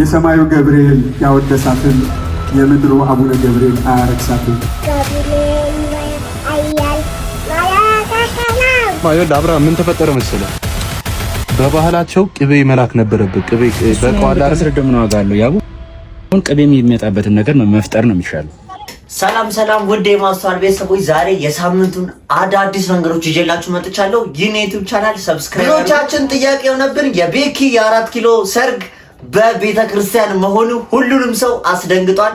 የሰማዩ ገብርኤል ያወደሳትን የምድሩ አቡነ ገብርኤል አያረግሳትን። አብርሃም ምን ተፈጠረ መሰለህ? በባህላቸው ቅቤ መላክ ነበረበት። ቅቤ ምን ዋጋ አለው? ያቡ አሁን ቅቤም የሚመጣበትን ነገር መፍጠር ነው የሚሻለው። ሰላም ሰላም፣ ውድ የማስተዋል ቤተሰቦች ዛሬ የሳምንቱን አዳዲስ ነገሮች ይዤላችሁ መጥቻለሁ። ይህን የዩቲዩብ ቻናል ሰብስክራይብ ብዙዎቻችን ጥያቄ የሆነብን የቤኪ የአራት ኪሎ ሰርግ በቤተ ክርስቲያን መሆኑ ሁሉንም ሰው አስደንግጧል።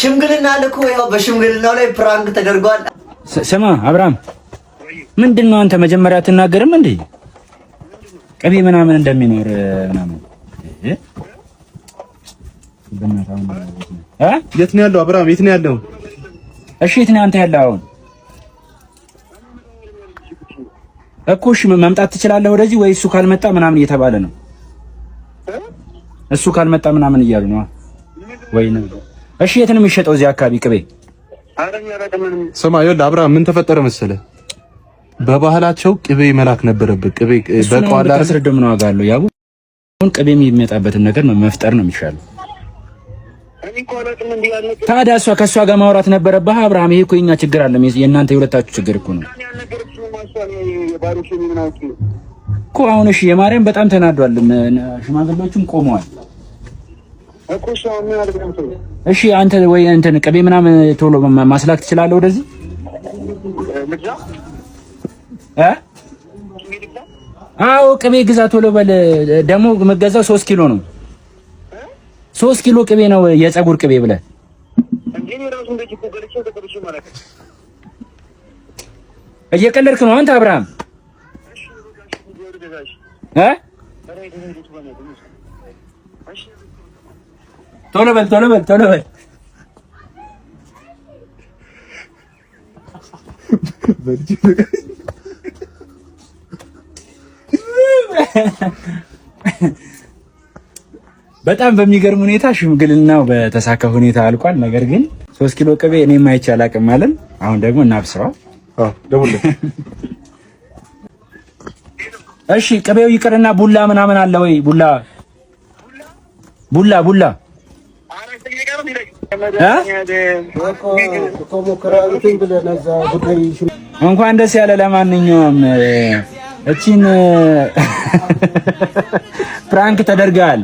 ሽምግልና ልኩ ያው በሽምግልናው ላይ ፕራንክ ተደርጓል። ስማ አብርሃም፣ ምንድን ነው አንተ መጀመሪያ አትናገርም እንዴ? ቅቤ ምናምን እንደሚኖር ምናምን የት ነው ያለው? አብርሃም የት ነው ያለው? እሺ የት ነው አንተ ያለው? አሁን እኮ እሺ መምጣት ትችላለህ ወደዚህ ወይ እሱ ካልመጣ ምናምን እየተባለ ነው። እሱ ካልመጣ ምናምን እያሉ ነው ወይ ነው። እሺ የት ነው የሚሸጠው? እዚህ አካባቢ ቅቤ። ስማ ይኸውልህ አብርሃም ምን ተፈጠረ መሰለህ በባህላቸው ቅቤ መላክ ነበረበት። ቅቤ በቀዋላ ነው ነው አጋለሁ ያው ቅቤ የሚመጣበትን ነገር መፍጠር ነው የሚሻለው። ታዲያ እሷ ከእሷ ጋር ማውራት ነበረብህ አብርሃም። ይሄ እኮ የኛ ችግር አለ፣ የእናንተ የሁለታችሁ ችግር እኮ ነው እኮ። አሁን እሺ፣ የማርያም በጣም ተናዷል፣ ሽማግሌዎቹም ቆመዋል። እሺ አንተ ወይ እንትን ቅቤ ምናምን ቶሎ ማስላክ ትችላለህ ወደዚህ እ አዎ ቅቤ ግዛ ቶሎ በል። ደግሞ መገዛው ሶስት ኪሎ ነው ሶስት ኪሎ ቅቤ ነው የፀጉር ቅቤ ብለህ እየቀለድክ ነው አንተ አብርሃም እ ቶሎ በል ቶሎ በል ቶሎ በል በጣም በሚገርም ሁኔታ ሽምግልናው በተሳካ ሁኔታ አልቋል። ነገር ግን ሶስት ኪሎ ቅቤ እኔም አይቼ አላቅም አለን። አሁን ደግሞ እናብስረዋል። እሺ ቅቤው ይቅርና ቡላ ምናምን አለ ወይ? ቡላ ቡላ ቡላ እንኳን ደስ ያለ። ለማንኛውም እቺን ፕራንክ ተደርገሃል።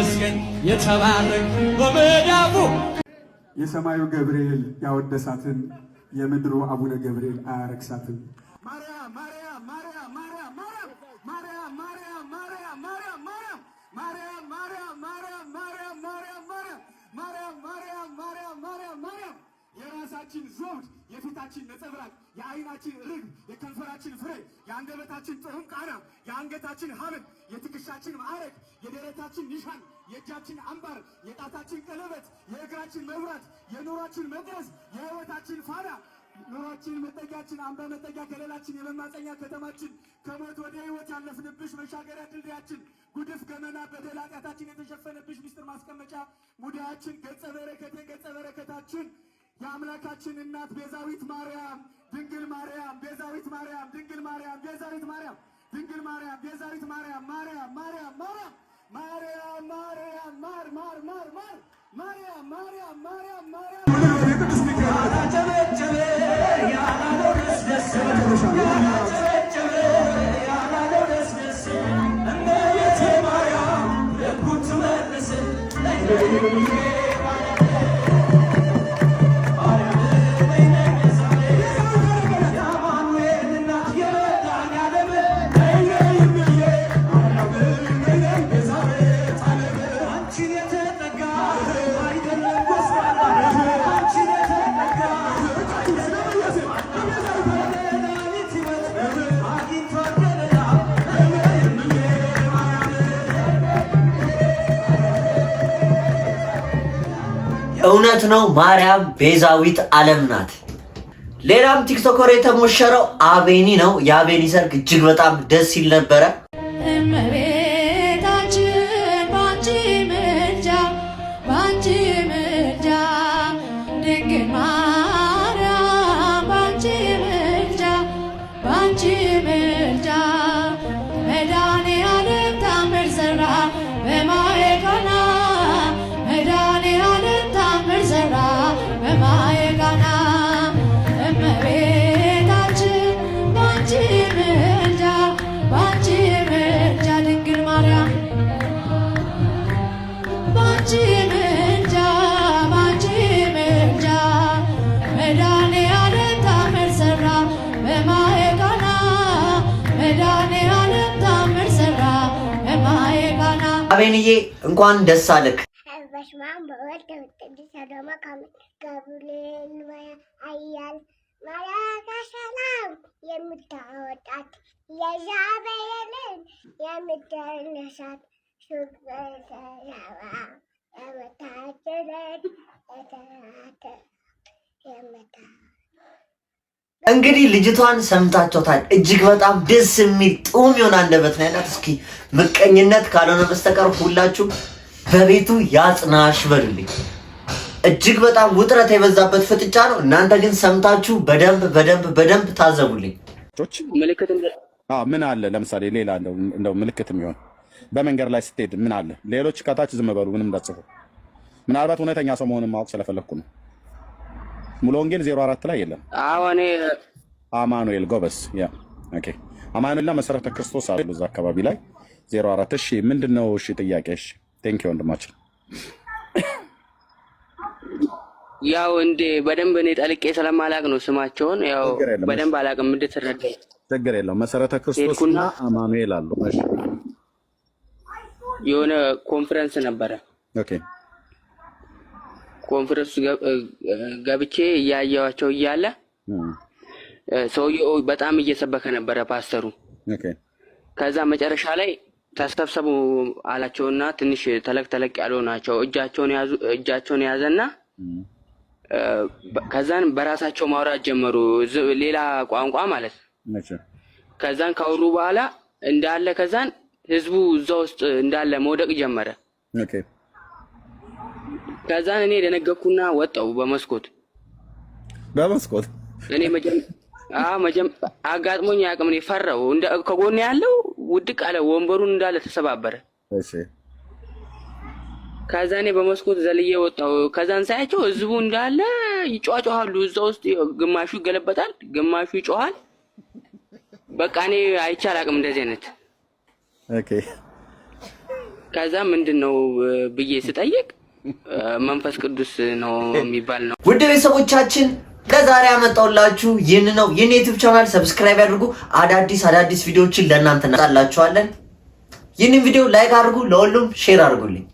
እስገኝ የተባረክ በመዳፉ የሰማዩ ገብርኤል ያወደሳትን የምድሩ አቡነ ገብርኤል አያረክሳትን። ጆድ የፊታችን ነጸብራቅ፣ የአይናችን ርግብ፣ የከንፈራችን ፍሬ፣ የአንደበታችን ጥዑም ቃና፣ የአንገታችን ሀብል የትከሻችን ማዕረግ፣ የደረታችን ኒሻን፣ የእጃችን አምባር፣ የጣታችን ቀለበት፣ የእግራችን መብራት፣ የኑሯችን መድረስ፣ የህይወታችን ፋና ኑሯችን መጠጊያችን፣ አምባ መጠጊያ፣ ከሌላችን፣ የመማፀኛ ከተማችን፣ ከሞት ወደ ህይወት ያለፍንብሽ መሻገሪያ ድልድያችን፣ ጉድፍ ገመና፣ በደል ኃጢአታችን የተሸፈነብሽ ሚስጥር ማስቀመጫ ሙዳያችን፣ ገጸ በረከቴ ገጸ በረከታችን የአምላካችን እናት ቤዛዊት ማርያም ድንግል ማርያም ቤዛዊት ማርያም ድንግል ማርያም ቤዛዊት ማርያም ድንግል ማርያም ቤዛዊት ማርያም ማርያም ማርያም ማርያም ማርያም ማርያም ማር ማር ማር ማር ማርያም ማርያም ማርያም ማርያም ያላጨበጨበ ያላለው ደስ ደስ ያላጨበጨበ ያላለው ደስ ደስ እመቤቴ ማርያም ልኩን ትመልስ እውነት ነው ማርያም ቤዛዊት ዓለም ናት። ሌላም ቲክቶከር የተሞሸረው አቤኒ ነው። የአቤኒ ሰርግ እጅግ በጣም ደስ ሲል ነበረ። ድንግል አቤንዬ እንኳን ደስ አለክ። በስመ አብ ወወልድ ወመንፈስ ቅዱስ አሐዱ አምላክ ገብርኤል ኃያል መልአከ ሰላም የምታወጣት የምታ እንግዲህ ልጅቷን ሰምታችኋታል። እጅግ በጣም ደስ የሚል ጡም የሆነ አንደበት ነው ያላት። እስኪ ምቀኝነት ካልሆነ በስተቀር ሁላችሁ በቤቱ ያጽናሽ በሉልኝ። እጅግ በጣም ውጥረት የበዛበት ፍጥጫ ነው። እናንተ ግን ሰምታችሁ በደንብ በደንብ በደንብ ታዘቡልኝ። ምን አለ ለምሳሌ ሌላ እንደው ምልክት የሚሆን በመንገድ ላይ ስትሄድ ምን አለ ሌሎች ከታች ዝም በሉ ምንም እንዳጽፉ። ምናልባት እውነተኛ ሰው መሆንን ማወቅ ስለፈለግኩ ነው። ሙሉ ወንጌል አራት ላይ የለም። አማኑኤል ጎበስ ያ አማኑኤልና መሰረተ ክርስቶስ አሉ እዛ አካባቢ ላይ አራት እሺ ምንድን ነው? እሺ ጥያቄ። እሺ ቴንክ ዩ ወንድማችን። ያው እንዴ በደንብ እኔ ጠልቄ ስለማላቅ ነው ስማቸውን ያው በደንብ አላቅም። እንድትረዳኝ ችግር የለው። መሰረተ ክርስቶስና አማኑኤል አሉ። የሆነ ኮንፈረንስ ነበረ። ኦኬ ኮንፈረንሱ ገብቼ እያየዋቸው እያለ ሰውየው በጣም እየሰበከ ነበረ ፓስተሩ። ከዛ መጨረሻ ላይ ተሰብሰቡ አላቸውና ትንሽ ተለቅ ተለቅ ያሉ ናቸው እጃቸውን ያዙ። እጃቸውን የያዘና ከዛን በራሳቸው ማውራት ጀመሩ፣ ሌላ ቋንቋ ማለት ነው። ከዛን ካወሩ በኋላ እንዳለ ከዛን ህዝቡ እዛ ውስጥ እንዳለ መውደቅ ጀመረ። ከዛን እኔ ደነገኩና ወጣው በመስኮት በመስኮት እኔ አጋጥሞኝ አቅም እኔ ፈራው። ከጎን ያለው ውድቅ አለ፣ ወንበሩን እንዳለ ተሰባበረ። ከዛ እኔ በመስኮት ዘልዬ ወጣው። ከዛን ሳያቸው ህዝቡ እንዳለ ይጫጫዋሉ። እዛ ውስጥ ግማሹ ይገለበጣል፣ ግማሹ ይጮሃል። በቃ እኔ አይቻል አቅም እንደዚህ አይነት። ከዛ ምንድን ነው ብዬ ስጠይቅ መንፈስ ቅዱስ ነው የሚባል ነው። ውድ ቤተሰቦቻችን ለዛሬ ያመጣውላችሁ ይህን ነው። ይህን ዩቲዩብ ቻናል ሰብስክራይብ ያድርጉ። አዳዲስ አዳዲስ ቪዲዮዎችን ለእናንተ እናጣላችኋለን። ይህንን ቪዲዮ ላይክ አድርጉ። ለሁሉም ሼር አድርጉልኝ።